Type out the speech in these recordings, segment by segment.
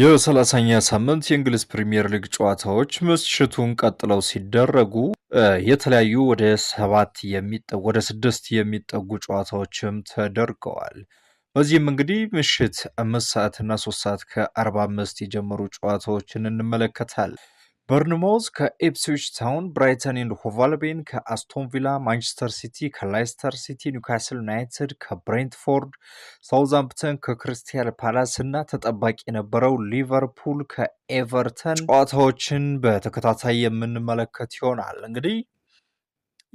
የሰላሳኛ ሳምንት የእንግሊዝ ፕሪምየር ሊግ ጨዋታዎች ምሽቱን ቀጥለው ሲደረጉ የተለያዩ ወደ ሰባት ወደ ስድስት የሚጠጉ ጨዋታዎችም ተደርገዋል። በዚህም እንግዲህ ምሽት አምስት ሰዓትና ሶስት ሰዓት ከአርባ አምስት የጀመሩ ጨዋታዎችን እንመለከታል። በርንማውዝ ከኤፕስዊች ታውን፣ ብራይተን ኤንድ ሆቫልቤን ከአስቶን ቪላ፣ ማንቸስተር ሲቲ ከላይስተር ሲቲ፣ ኒውካስል ዩናይትድ ከብሬንትፎርድ፣ ሳውዝሃምፕተን ከክሪስታል ፓላስ እና ተጠባቂ የነበረው ሊቨርፑል ከኤቨርተን ጨዋታዎችን በተከታታይ የምንመለከት ይሆናል። እንግዲህ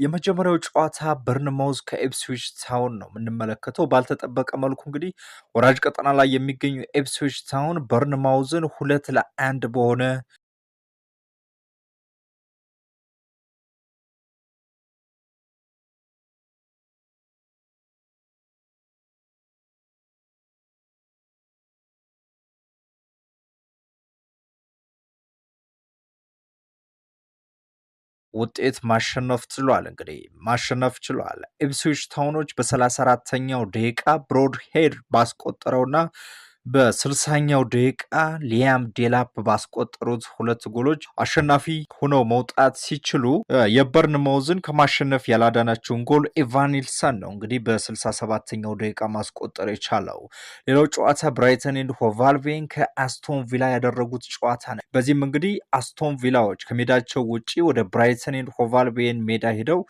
የመጀመሪያው ጨዋታ በርንማውዝ ከኤፕስዊች ታውን ነው የምንመለከተው። ባልተጠበቀ መልኩ እንግዲህ ወራጅ ቀጠና ላይ የሚገኙ ኤፕስዊች ታውን በርንማውዝን ሁለት ለአንድ በሆነ ውጤት ማሸነፍ ችሏል። እንግዲህ ማሸነፍ ችሏል። ኢፕስዊች ታውኖች በ34ተኛው ደቂቃ ብሮድሄድ ባስቆጠረውና በስልሳኛው ደቂቃ ሊያም ዴላፕ ባስቆጠሩት ሁለት ጎሎች አሸናፊ ሆነው መውጣት ሲችሉ የበርን መውዝን ከማሸነፍ ያላዳናቸውን ጎል ኤቫን ነው እንግዲህ በስልሳ ሰባተኛው ደቂቃ ማስቆጠር የቻለው። ሌላው ጨዋታ ብራይተን ኤንድ ሆቫልቬን ከአስቶን ቪላ ያደረጉት ጨዋታ ነው። በዚህም እንግዲህ አስቶን ቪላዎች ከሜዳቸው ውጪ ወደ ብራይተን ኤንድ ሆቫልቬን ሜዳ ሄደው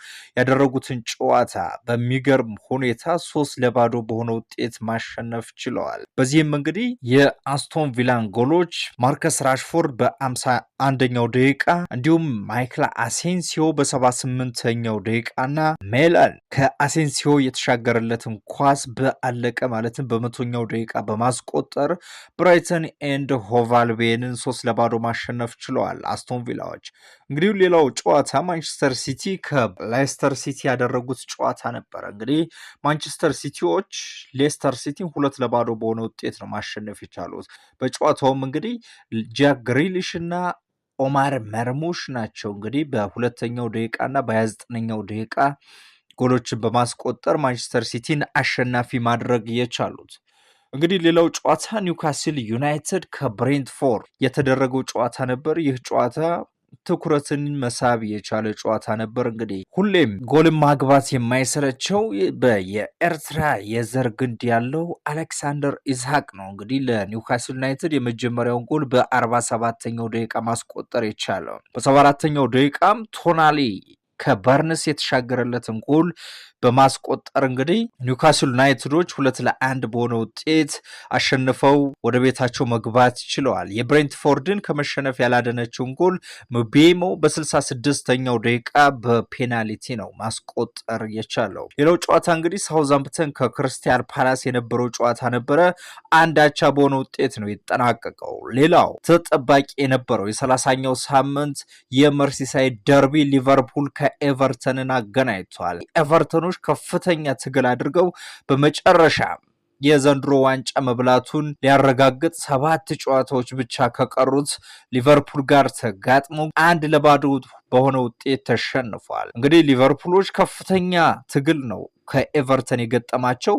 ያደረጉትን ጨዋታ በሚገርም ሁኔታ ሶስት ለባዶ በሆነ ውጤት ማሸነፍ ችለዋል። በዚህም እንግዲህ የአስቶን ቪላን ጎሎች ማርከስ ራሽፎርድ በአምሳ አንደኛው ደቂቃ እንዲሁም ማይክል አሴንሲዮ በሰባ ስምንተኛው ደቂቃና ሜላን ከአሴንሲዮ የተሻገረለትን ኳስ በአለቀ ማለትም በመቶኛው ደቂቃ በማስቆጠር ብራይተን ኤንድ ሆቫልቤንን ሶስት ለባዶ ማሸነፍ ችለዋል አስቶን ቪላዎች። እንግዲሁ ሌላው ጨዋታ ማንቸስተር ሲቲ ከሌስተር ሲቲ ያደረጉት ጨዋታ ነበረ። እንግዲህ ማንቸስተር ሲቲዎች ሌስተር ሲቲን ሁለት ለባዶ በሆነ ውጤት ነው ማሸነፍ የቻሉት። በጨዋታውም እንግዲህ ጃክ ግሪሊሽ እና ኦማር መርሙሽ ናቸው እንግዲህ በሁለተኛው ደቂቃ እና በሀያ ዘጠነኛው ደቂቃ ጎሎችን በማስቆጠር ማንቸስተር ሲቲን አሸናፊ ማድረግ የቻሉት። እንግዲህ ሌላው ጨዋታ ኒውካስል ዩናይትድ ከብሬንትፎርድ የተደረገው ጨዋታ ነበር። ይህ ጨዋታ ትኩረትን መሳብ የቻለ ጨዋታ ነበር። እንግዲህ ሁሌም ጎልን ማግባት የማይሰለቸው የኤርትራ የዘር ግንድ ያለው አሌክሳንደር ኢስሐቅ ነው። እንግዲህ ለኒውካስል ዩናይትድ የመጀመሪያውን ጎል በ ደቂቃ ማስቆጠር የቻለው በ74ተኛው ደቂቃም ቶናሊ ከበርንስ የተሻገረለትን ጎል በማስቆጠር እንግዲህ ኒውካስል ዩናይትዶች ሁለት ለአንድ በሆነ ውጤት አሸንፈው ወደ ቤታቸው መግባት ችለዋል። የብሬንትፎርድን ከመሸነፍ ያላደነችውን ጎል ሙቤሞ በ66ኛው ደቂቃ በፔናልቲ ነው ማስቆጠር የቻለው። ሌላው ጨዋታ እንግዲህ ሳውዛምፕተን ከክርስቲያን ፓላስ የነበረው ጨዋታ ነበረ። አንድ አቻ በሆነ ውጤት ነው የተጠናቀቀው። ሌላው ተጠባቂ የነበረው የሰላሳኛው ሳምንት የመርሲሳይድ ደርቢ ሊቨርፑል ከኤቨርተንን አገናኝቷል። ኤቨርተኑ ክርስቲያኖች ከፍተኛ ትግል አድርገው በመጨረሻ የዘንድሮ ዋንጫ መብላቱን ሊያረጋግጥ ሰባት ጨዋታዎች ብቻ ከቀሩት ሊቨርፑል ጋር ተጋጥሞ አንድ ለባዶ በሆነ ውጤት ተሸንፏል። እንግዲህ ሊቨርፑሎች ከፍተኛ ትግል ነው ከኤቨርተን የገጠማቸው።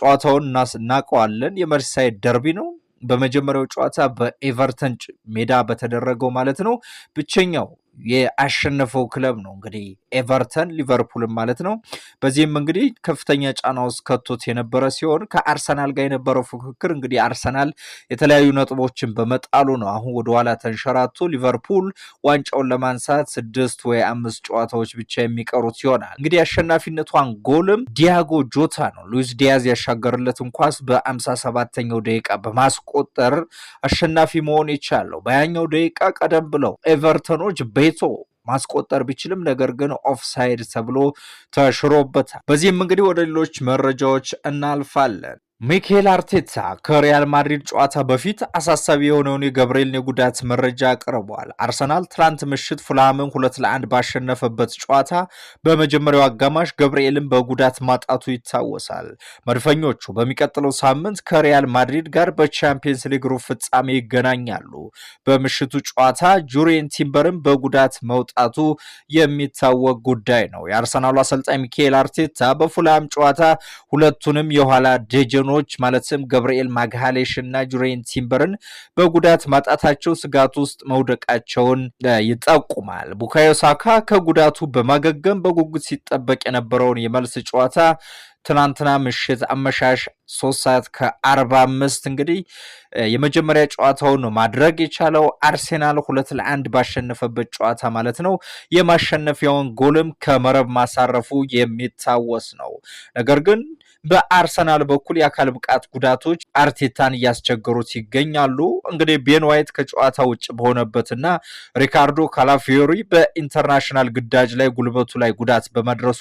ጨዋታውን እናውቀዋለን። የመርሳይድ ደርቢ ነው። በመጀመሪያው ጨዋታ በኤቨርተን ሜዳ በተደረገው ማለት ነው ብቸኛው የአሸነፈው ክለብ ነው እንግዲህ ኤቨርተን ሊቨርፑልን ማለት ነው። በዚህም እንግዲህ ከፍተኛ ጫና ውስጥ ከቶት የነበረ ሲሆን ከአርሰናል ጋር የነበረው ፉክክር እንግዲህ አርሰናል የተለያዩ ነጥቦችን በመጣሉ ነው አሁን ወደኋላ ተንሸራቶ ሊቨርፑል ዋንጫውን ለማንሳት ስድስት ወይ አምስት ጨዋታዎች ብቻ የሚቀሩት ይሆናል። እንግዲህ አሸናፊነቷን ጎልም ዲያጎ ጆታ ነው ሉዊስ ዲያዝ ያሻገርለትን ኳስ በአምሳ ሰባተኛው ደቂቃ በማስቆጠር አሸናፊ መሆን የቻለው በያኛው ደቂቃ ቀደም ብለው ኤቨርተኖች በ ቤቶ ማስቆጠር ቢችልም ነገር ግን ኦፍሳይድ ተብሎ ተሽሮበታል። በዚህም እንግዲህ ወደ ሌሎች መረጃዎች እናልፋለን። ሚኬል አርቴታ ከሪያል ማድሪድ ጨዋታ በፊት አሳሳቢ የሆነውን የገብርኤልን የጉዳት መረጃ አቅርቧል። አርሰናል ትላንት ምሽት ፉልሃምን ሁለት ለአንድ ባሸነፈበት ጨዋታ በመጀመሪያው አጋማሽ ገብርኤልን በጉዳት ማጣቱ ይታወሳል። መድፈኞቹ በሚቀጥለው ሳምንት ከሪያል ማድሪድ ጋር በቻምፒየንስ ሊግ ሩብ ፍጻሜ ይገናኛሉ። በምሽቱ ጨዋታ ጁሪየን ቲምበርን በጉዳት መውጣቱ የሚታወቅ ጉዳይ ነው። የአርሰናሉ አሰልጣኝ ሚኬል አርቴታ በፉልሃም ጨዋታ ሁለቱንም የኋላ ደጀኖ ቡድኖች ማለትም ገብርኤል ማግሃሌሽ እና ጁሬን ቲምበርን በጉዳት ማጣታቸው ስጋት ውስጥ መውደቃቸውን ይጠቁማል። ቡካዮ ሳካ ከጉዳቱ በማገገም በጉጉት ሲጠበቅ የነበረውን የመልስ ጨዋታ ትናንትና ምሽት አመሻሽ ሶስት ሰዓት ከአርባ አምስት እንግዲህ የመጀመሪያ ጨዋታውን ማድረግ የቻለው አርሴናል ሁለት ለአንድ ባሸነፈበት ጨዋታ ማለት ነው። የማሸነፊያውን ጎልም ከመረብ ማሳረፉ የሚታወስ ነው። ነገር ግን በአርሰናል በኩል የአካል ብቃት ጉዳቶች አርቴታን እያስቸገሩት ይገኛሉ። እንግዲህ ቤን ዋይት ከጨዋታ ውጭ በሆነበትና ሪካርዶ ካላፊዮሪ በኢንተርናሽናል ግዳጅ ላይ ጉልበቱ ላይ ጉዳት በመድረሱ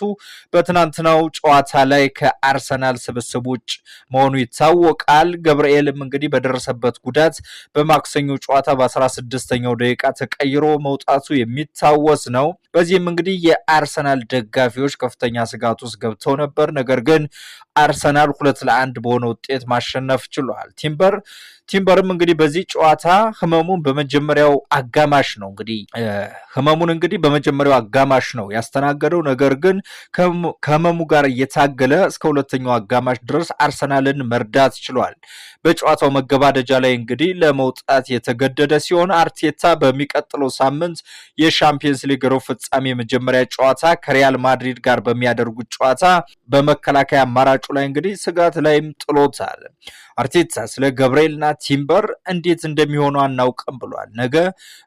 በትናንትናው ጨዋታ ላይ ከአርሰናል ስብስብ ውጭ መሆኑ ይታወቃል። ገብርኤልም እንግዲህ በደረሰበት ጉዳት በማክሰኞ ጨዋታ በ16ኛው ደቂቃ ተቀይሮ መውጣቱ የሚታወስ ነው። በዚህም እንግዲህ የአርሰናል ደጋፊዎች ከፍተኛ ስጋት ውስጥ ገብተው ነበር። ነገር ግን አርሰናል ሁለት ለአንድ በሆነ ውጤት ማሸነፍ ማለፍ ችሏል። ቲምበር ቲምበርም እንግዲህ በዚህ ጨዋታ ህመሙን በመጀመሪያው አጋማሽ ነው እንግዲህ ህመሙን እንግዲህ በመጀመሪያው አጋማሽ ነው ያስተናገደው። ነገር ግን ከህመሙ ጋር እየታገለ እስከ ሁለተኛው አጋማሽ ድረስ አርሰናልን መርዳት ችሏል። በጨዋታው መገባደጃ ላይ እንግዲህ ለመውጣት የተገደደ ሲሆን አርቴታ በሚቀጥለው ሳምንት የሻምፒየንስ ሊግ ሩብ ፍጻሜ የመጀመሪያ ጨዋታ ከሪያል ማድሪድ ጋር በሚያደርጉት ጨዋታ በመከላከያ አማራጩ ላይ እንግዲህ ስጋት ላይም ጥሎታል። አርቴታ ስለ ገብርኤልና ቲምበር እንዴት እንደሚሆኑ አናውቅም ብሏል። ነገ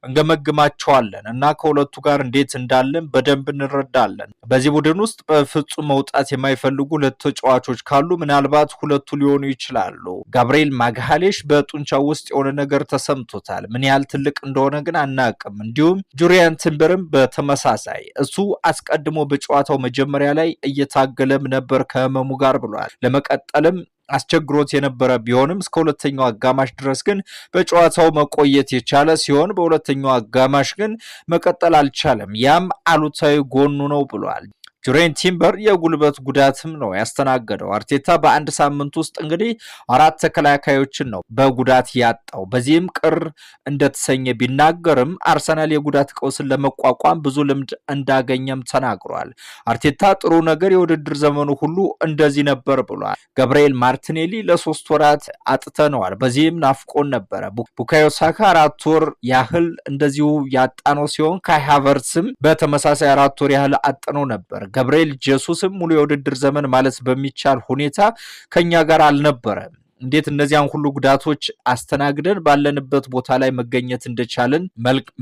እንገመግማቸዋለን እና ከሁለቱ ጋር እንዴት እንዳለን በደንብ እንረዳለን። በዚህ ቡድን ውስጥ በፍጹም መውጣት የማይፈልጉ ሁለት ተጫዋቾች ካሉ ምናልባት ሁለቱ ሊሆኑ ይችላሉ። ጋብርኤል ማግሃሌሽ በጡንቻው ውስጥ የሆነ ነገር ተሰምቶታል። ምን ያህል ትልቅ እንደሆነ ግን አናውቅም። እንዲሁም ጁሪያን ቲምበርም በተመሳሳይ እሱ አስቀድሞ በጨዋታው መጀመሪያ ላይ እየታገለም ነበር ከህመሙ ጋር ብሏል። ለመቀጠልም አስቸግሮት የነበረ ቢሆንም እስከ ሁለተኛው አጋማሽ ድረስ ግን በጨዋታው መቆየት የቻለ ሲሆን በሁለተኛው አጋማሽ ግን መቀጠል አልቻለም። ያም አሉታዊ ጎኑ ነው ብሏል። ጁሬን ቲምበር የጉልበት ጉዳትም ነው ያስተናገደው። አርቴታ በአንድ ሳምንት ውስጥ እንግዲህ አራት ተከላካዮችን ነው በጉዳት ያጣው። በዚህም ቅር እንደተሰኘ ቢናገርም አርሰናል የጉዳት ቀውስን ለመቋቋም ብዙ ልምድ እንዳገኘም ተናግሯል። አርቴታ ጥሩ ነገር የውድድር ዘመኑ ሁሉ እንደዚህ ነበር ብሏል። ገብርኤል ማርቲኔሊ ለሶስት ወራት አጥተነዋል። በዚህም ናፍቆን ነበረ። ቡካዮ ሳካ አራት ወር ያህል እንደዚሁ ያጣነው ሲሆን ካይ ሃቨርትስም በተመሳሳይ አራት ወር ያህል አጥነው ነበር። ገብርኤል ጀሱስም ሙሉ የውድድር ዘመን ማለት በሚቻል ሁኔታ ከኛ ጋር አልነበረም። እንዴት እነዚያን ሁሉ ጉዳቶች አስተናግደን ባለንበት ቦታ ላይ መገኘት እንደቻልን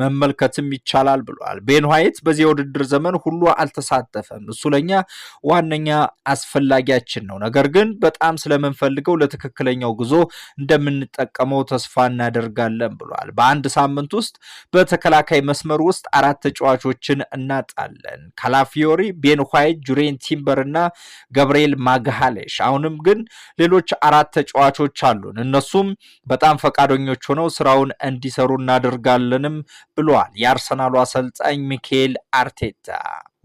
መመልከትም ይቻላል ብሏል። ቤን ዋይት በዚህ የውድድር ዘመን ሁሉ አልተሳተፈም፣ እሱ ለኛ ዋነኛ አስፈላጊያችን ነው። ነገር ግን በጣም ስለምንፈልገው ለትክክለኛው ጉዞ እንደምንጠቀመው ተስፋ እናደርጋለን ብሏል። በአንድ ሳምንት ውስጥ በተከላካይ መስመር ውስጥ አራት ተጫዋቾችን እናጣለን፣ ካላፊዮሪ፣ ቤን ዋይት፣ ጁሬን ቲምበር እና ገብርኤል ማግሃሌሽ። አሁንም ግን ሌሎች አራት ተጫዋ ተጫዋቾች አሉን። እነሱም በጣም ፈቃደኞች ሆነው ስራውን እንዲሰሩ እናደርጋለንም ብለዋል የአርሰናሉ አሰልጣኝ ሚካኤል አርቴታ።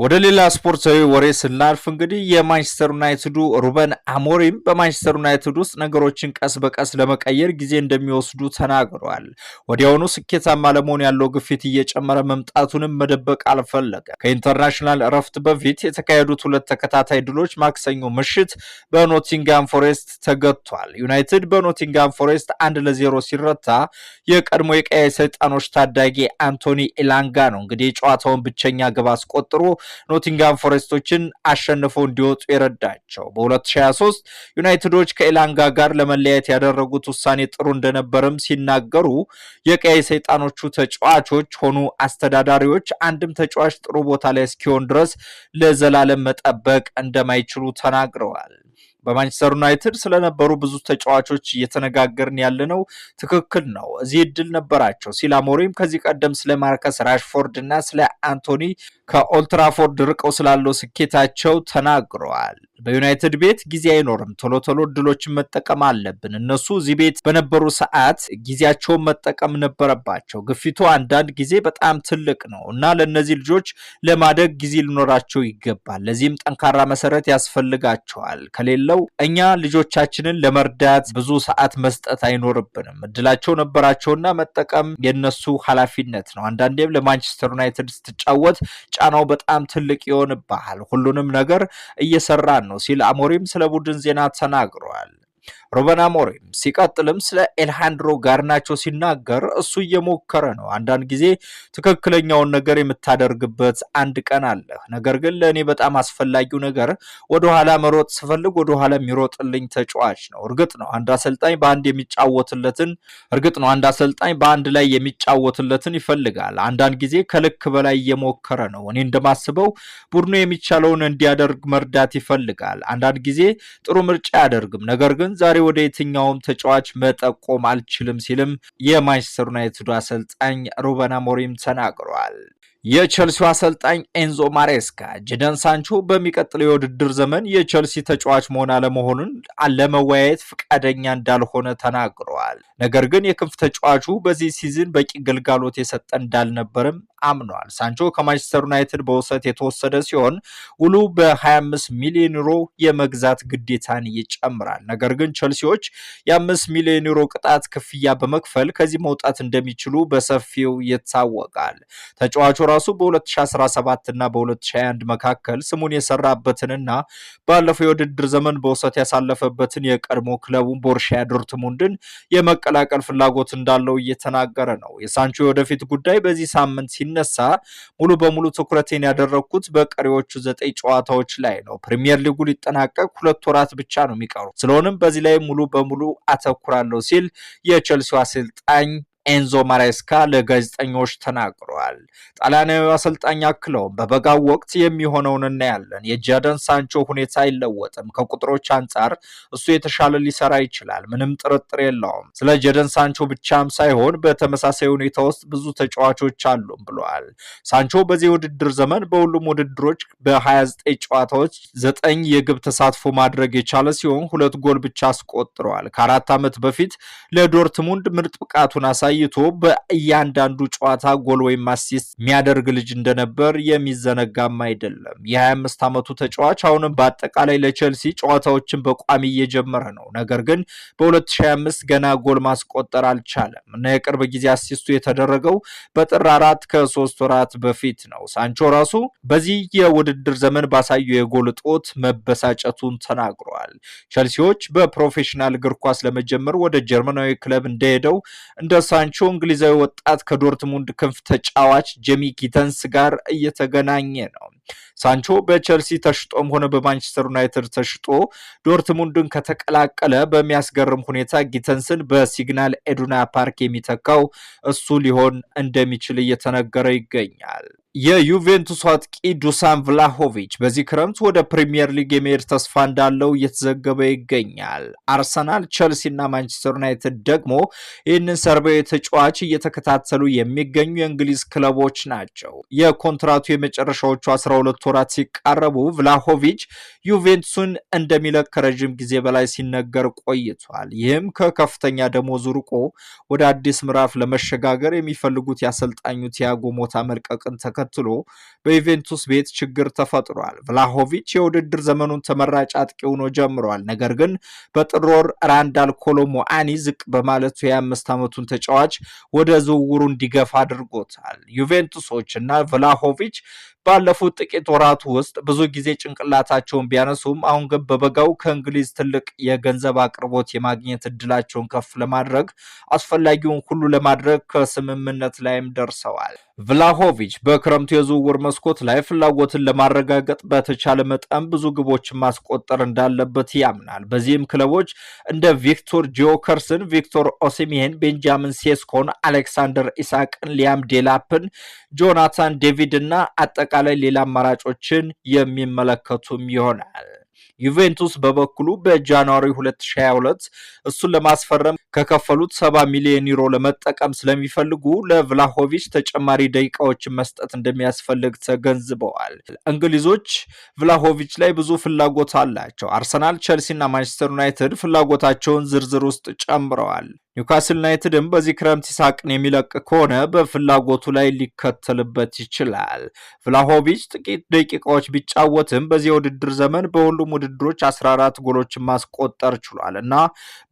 ወደ ሌላ ስፖርታዊ ወሬ ስናልፍ እንግዲህ የማንቸስተር ዩናይትዱ ሩበን አሞሪም በማንቸስተር ዩናይትድ ውስጥ ነገሮችን ቀስ በቀስ ለመቀየር ጊዜ እንደሚወስዱ ተናግረዋል። ወዲያውኑ ስኬታማ ለመሆን ያለው ግፊት እየጨመረ መምጣቱንም መደበቅ አልፈለገም። ከኢንተርናሽናል እረፍት በፊት የተካሄዱት ሁለት ተከታታይ ድሎች ማክሰኞ ምሽት በኖቲንጋም ፎሬስት ተገጥቷል። ዩናይትድ በኖቲንጋም ፎሬስት አንድ ለዜሮ ሲረታ የቀድሞ የቀያይ ሰይጣኖች ታዳጊ አንቶኒ ኢላንጋ ነው እንግዲህ የጨዋታውን ብቸኛ ግብ አስቆጥሮ ኖቲንጋም ፎሬስቶችን አሸንፈው እንዲወጡ የረዳቸው። በ2023 ዩናይትዶች ከኤላንጋ ጋር ለመለያየት ያደረጉት ውሳኔ ጥሩ እንደነበርም ሲናገሩ የቀይ ሰይጣኖቹ ተጫዋቾች ሆኑ አስተዳዳሪዎች አንድም ተጫዋች ጥሩ ቦታ ላይ እስኪሆን ድረስ ለዘላለም መጠበቅ እንደማይችሉ ተናግረዋል። በማንቸስተር ዩናይትድ ስለነበሩ ብዙ ተጫዋቾች እየተነጋገርን ያለነው ትክክል ነው። እዚህ እድል ነበራቸው ሲል አሞሪም ከዚህ ቀደም ስለ ማርከስ ራሽፎርድ እና ስለ አንቶኒ ከኦልትራፎርድ ርቀው ስላለው ስኬታቸው ተናግረዋል። በዩናይትድ ቤት ጊዜ አይኖርም። ቶሎ ቶሎ እድሎችን መጠቀም አለብን። እነሱ እዚህ ቤት በነበሩ ሰዓት ጊዜያቸውን መጠቀም ነበረባቸው። ግፊቱ አንዳንድ ጊዜ በጣም ትልቅ ነው እና ለእነዚህ ልጆች ለማደግ ጊዜ ሊኖራቸው ይገባል። ለዚህም ጠንካራ መሰረት ያስፈልጋቸዋል። ከሌለው እኛ ልጆቻችንን ለመርዳት ብዙ ሰዓት መስጠት አይኖርብንም። እድላቸው ነበራቸውና መጠቀም የነሱ ኃላፊነት ነው። አንዳንዴም ለማንቸስተር ዩናይትድ ስትጫወት ጫናው በጣም ትልቅ ይሆንብሃል። ሁሉንም ነገር እየሰራ ነው ሲል አሞሪም ስለ ቡድን ዜና ተናግሯል። ሩበን አሞሪም ሲቀጥልም ስለ ኤልሃንድሮ ጋርናቾ ሲናገር እሱ እየሞከረ ነው። አንዳንድ ጊዜ ትክክለኛውን ነገር የምታደርግበት አንድ ቀን አለ። ነገር ግን ለእኔ በጣም አስፈላጊው ነገር ወደኋላ መሮጥ ስፈልግ ወደኋላ የሚሮጥልኝ ተጫዋች ነው። እርግጥ ነው አንድ አሰልጣኝ በአንድ የሚጫወትለትን እርግጥ ነው አንድ አሰልጣኝ በአንድ ላይ የሚጫወትለትን ይፈልጋል። አንዳንድ ጊዜ ከልክ በላይ እየሞከረ ነው። እኔ እንደማስበው ቡድኑ የሚቻለውን እንዲያደርግ መርዳት ይፈልጋል። አንዳንድ ጊዜ ጥሩ ምርጫ አያደርግም። ነገር ግን ዛሬ ዛሬ ወደ የትኛውም ተጫዋች መጠቆም አልችልም ሲልም የማንቸስተር ዩናይትዱ አሰልጣኝ ሩበን አሞሪም ተናግሯል። የቸልሲው አሰልጣኝ ኤንዞ ማሬስካ ጅደን ሳንቾ በሚቀጥለው የውድድር ዘመን የቸልሲ ተጫዋች መሆን አለመሆኑን ለመወያየት ፈቃደኛ እንዳልሆነ ተናግረዋል። ነገር ግን የክንፍ ተጫዋቹ በዚህ ሲዝን በቂ ግልጋሎት የሰጠ እንዳልነበርም አምኗል። ሳንቾ ከማንቸስተር ዩናይትድ በውሰት የተወሰደ ሲሆን ውሉ በ25 ሚሊዮን ዩሮ የመግዛት ግዴታን ይጨምራል። ነገር ግን ቸልሲዎች የ5 ሚሊዮን ዩሮ ቅጣት ክፍያ በመክፈል ከዚህ መውጣት እንደሚችሉ በሰፊው ይታወቃል። ተጫዋቹ ራሱ በ2017 እና በ2021 መካከል ስሙን የሰራበትንና ባለፈው የውድድር ዘመን በውሰት ያሳለፈበትን የቀድሞ ክለቡን ቦርሻያ ዶርትሙንድን የመቀላቀል ፍላጎት እንዳለው እየተናገረ ነው። የሳንቾ የወደፊት ጉዳይ በዚህ ሳምንት ሲነሳ ሙሉ በሙሉ ትኩረቴን ያደረግኩት በቀሪዎቹ ዘጠኝ ጨዋታዎች ላይ ነው። ፕሪሚየር ሊጉ ሊጠናቀቅ ሁለት ወራት ብቻ ነው የሚቀሩ። ስለሆነም በዚህ ላይ ሙሉ በሙሉ አተኩራለሁ ሲል የቼልሲው አሰልጣኝ ኤንዞ ማሬስካ ለጋዜጠኞች ተናግረዋል። ጣሊያናዊ አሰልጣኝ አክለውም በበጋው ወቅት የሚሆነውን እናያለን። የጃደን ሳንቾ ሁኔታ አይለወጥም። ከቁጥሮች አንጻር እሱ የተሻለ ሊሰራ ይችላል፣ ምንም ጥርጥር የለውም። ስለ ጃደን ሳንቾ ብቻም ሳይሆን በተመሳሳይ ሁኔታ ውስጥ ብዙ ተጫዋቾች አሉም ብለዋል። ሳንቾ በዚህ ውድድር ዘመን በሁሉም ውድድሮች በ29 ጨዋታዎች ዘጠኝ የግብ ተሳትፎ ማድረግ የቻለ ሲሆን ሁለት ጎል ብቻ አስቆጥረዋል። ከአራት ዓመት በፊት ለዶርትሙንድ ምርጥ ብቃቱን አሳይ አሳይቶ በእያንዳንዱ ጨዋታ ጎል ወይም አሲስት የሚያደርግ ልጅ እንደነበር የሚዘነጋም አይደለም። የ25 ዓመቱ ተጫዋች አሁንም በአጠቃላይ ለቸልሲ ጨዋታዎችን በቋሚ እየጀመረ ነው። ነገር ግን በ2025 ገና ጎል ማስቆጠር አልቻለም እና የቅርብ ጊዜ አሲስቱ የተደረገው በጥር አራት ከሶስት ወራት በፊት ነው። ሳንቾ ራሱ በዚህ የውድድር ዘመን ባሳየው የጎል እጦት መበሳጨቱን ተናግሯል። ቸልሲዎች በፕሮፌሽናል እግር ኳስ ለመጀመር ወደ ጀርመናዊ ክለብ እንደሄደው እንደ ጋናቾ እንግሊዛዊ ወጣት ከዶርትሙንድ ክንፍ ተጫዋች ጄሚ ጊተንስ ጋር እየተገናኘ ነው። ሳንቾ በቸልሲ ተሽጦም ሆነ በማንቸስተር ዩናይትድ ተሽጦ ዶርትሙንድን ከተቀላቀለ በሚያስገርም ሁኔታ ጊተንስን በሲግናል ኤዱና ፓርክ የሚተካው እሱ ሊሆን እንደሚችል እየተነገረ ይገኛል። የዩቬንቱስ አጥቂ ዱሳን ቭላሆቪች በዚህ ክረምት ወደ ፕሪምየር ሊግ የመሄድ ተስፋ እንዳለው እየተዘገበ ይገኛል። አርሰናል፣ ቸልሲ እና ማንቸስተር ዩናይትድ ደግሞ ይህንን ሰርቤ ተጫዋች እየተከታተሉ የሚገኙ የእንግሊዝ ክለቦች ናቸው። የኮንትራቱ የመጨረሻዎቹ 12 ወራት ሲቃረቡ ቭላሆቪች ዩቬንቱስን እንደሚለቅ ከረዥም ጊዜ በላይ ሲነገር ቆይቷል። ይህም ከከፍተኛ ደሞዙ ርቆ ወደ አዲስ ምዕራፍ ለመሸጋገር የሚፈልጉት የአሰልጣኙ ቲያጎ ሞታ መልቀቅን ተከ ተከትሎ በዩቬንቱስ ቤት ችግር ተፈጥሯል። ቭላሆቪች የውድድር ዘመኑን ተመራጭ አጥቂ ሆኖ ጀምሯል። ነገር ግን በጥር ወር ራንዳል ኮሎሙአኒ ዝቅ በማለቱ የአምስት ዓመቱን ተጫዋች ወደ ዝውውሩ እንዲገፋ አድርጎታል። ዩቬንቱሶች እና ቭላሆቪች ባለፉት ጥቂት ወራቱ ውስጥ ብዙ ጊዜ ጭንቅላታቸውን ቢያነሱም አሁን ግን በበጋው ከእንግሊዝ ትልቅ የገንዘብ አቅርቦት የማግኘት እድላቸውን ከፍ ለማድረግ አስፈላጊውን ሁሉ ለማድረግ ከስምምነት ላይም ደርሰዋል። ቭላሆቪች በክረምቱ የዝውውር መስኮት ላይ ፍላጎትን ለማረጋገጥ በተቻለ መጠን ብዙ ግቦችን ማስቆጠር እንዳለበት ያምናል። በዚህም ክለቦች እንደ ቪክቶር ጂዮከርስን፣ ቪክቶር ኦሲሚሄን፣ ቤንጃሚን ሴስኮን፣ አሌክሳንደር ኢሳቅን፣ ሊያም ዴላፕን፣ ጆናታን ዴቪድ እና አጠቃላይ ሌላ አማራጮችን የሚመለከቱም ይሆናል። ዩቬንቱስ በበኩሉ በጃንዋሪ 2022 እሱን ለማስፈረም ከከፈሉት 70 ሚሊዮን ዩሮ ለመጠቀም ስለሚፈልጉ ለቭላሆቪች ተጨማሪ ደቂቃዎችን መስጠት እንደሚያስፈልግ ተገንዝበዋል። እንግሊዞች ቭላሆቪች ላይ ብዙ ፍላጎት አላቸው። አርሰናል፣ ቸልሲ እና ማንቸስተር ዩናይትድ ፍላጎታቸውን ዝርዝር ውስጥ ጨምረዋል። ኒውካስል ዩናይትድም በዚህ ክረምት ይሳቅን የሚለቅ ከሆነ በፍላጎቱ ላይ ሊከተልበት ይችላል። ቭላሆቪች ጥቂት ደቂቃዎች ቢጫወትም በዚህ የውድድር ዘመን በሁሉም ውድድሮች 14 ጎሎችን ማስቆጠር ችሏል እና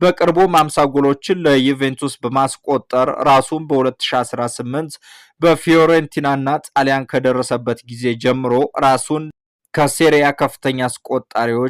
በቅርቡም 50 ጎሎችን ለዩቬንቱስ በማስቆጠር ራሱን በ2018 በፊዮሬንቲናና ጣሊያን ከደረሰበት ጊዜ ጀምሮ ራሱን ከሴሪያ ከፍተኛ አስቆጣሪዎች